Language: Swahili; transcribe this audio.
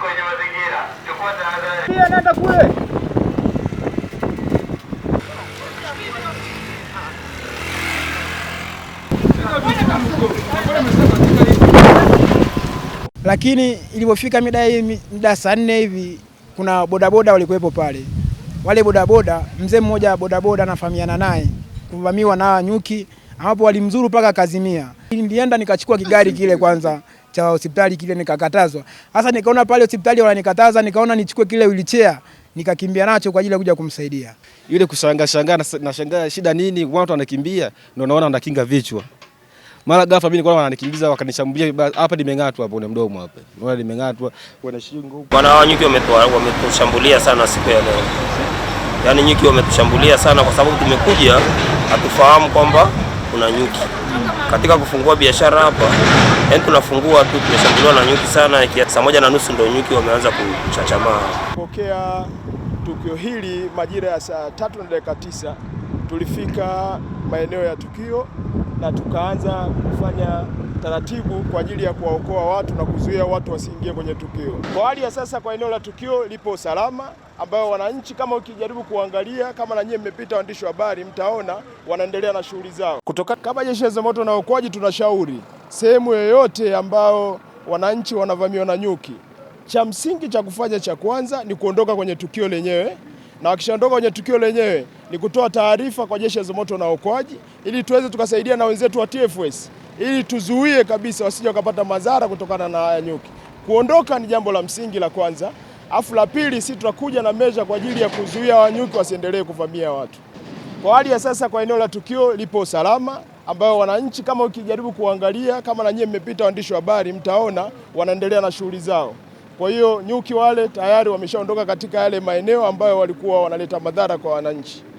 kwenye mazingira. Chukua tahadhari. Pia nenda kule. Lakini ilipofika mida hii mida saa nne hivi kuna bodaboda walikuwepo pale. Wale bodaboda, mzee mmoja bodaboda anafahamiana naye kuvamiwa na nyuki ambapo walimzuru mpaka kazimia. Nilienda nikachukua kigari kile kwanza cha hospitali kile nikakatazwa. Sasa nikaona pale hospitali wananikataza, nikaona nichukue kile wheelchair nikakimbia nacho kwa ajili ya kuja kumsaidia. Yule kushanga shanga na shanga shida nini watu wanakimbia ndio naona wanakinga vichwa. Mara ghafla mimi nilikuwa wananikimbiza wakanishambulia hapa nimengatwa hapo ni mdomo hapa. naona nimengatwa kwa shingo Bwana wao nyuki wametoa wametushambulia sana siku ya leo. Yaani nyuki wametushambulia sana kwa sababu tumekuja hatufahamu kwamba kuna nyuki. Katika kufungua biashara hapa, yani tunafungua tu tumeshambuliwa na nyuki sana, saa moja na nusu ndio nyuki wameanza kuchachamaa. Pokea tukio hili majira ya saa tatu na dakika tisa tulifika maeneo ya tukio na tukaanza kufanya taratibu kwa ajili ya kuwaokoa watu na kuzuia watu wasiingie kwenye tukio. Kwa hali ya sasa, kwa eneo la tukio lipo salama ambayo wananchi kama ukijaribu kuangalia, kama na nyie mmepita, waandishi wa habari, mtaona wanaendelea na shughuli zao. Kutoka kama Jeshi la Zimamoto na Uokoaji, tunashauri sehemu yoyote ambao wananchi wanavamiwa na nyuki, cha msingi cha kufanya cha kwanza ni kuondoka kwenye tukio lenyewe, na wakishaondoka kwenye tukio lenyewe ni kutoa taarifa kwa jeshi la zimamoto na uokoaji ili tuweze tukasaidia na wenzetu wa TFS ili tuzuie kabisa wasije wakapata madhara kutokana na haya nyuki. Kuondoka ni jambo la msingi la kwanza, afu la pili, si tutakuja na meza kwa ajili ya kuzuia wanyuki wasiendelee kuvamia watu. Kwa hali ya sasa, kwa eneo la tukio lipo salama, ambayo wananchi kama ukijaribu kuangalia, kama na nyie mmepita, waandishi wa habari, mtaona wanaendelea na shughuli zao. Kwa hiyo nyuki wale tayari wameshaondoka katika yale maeneo ambayo walikuwa wanaleta madhara kwa wananchi.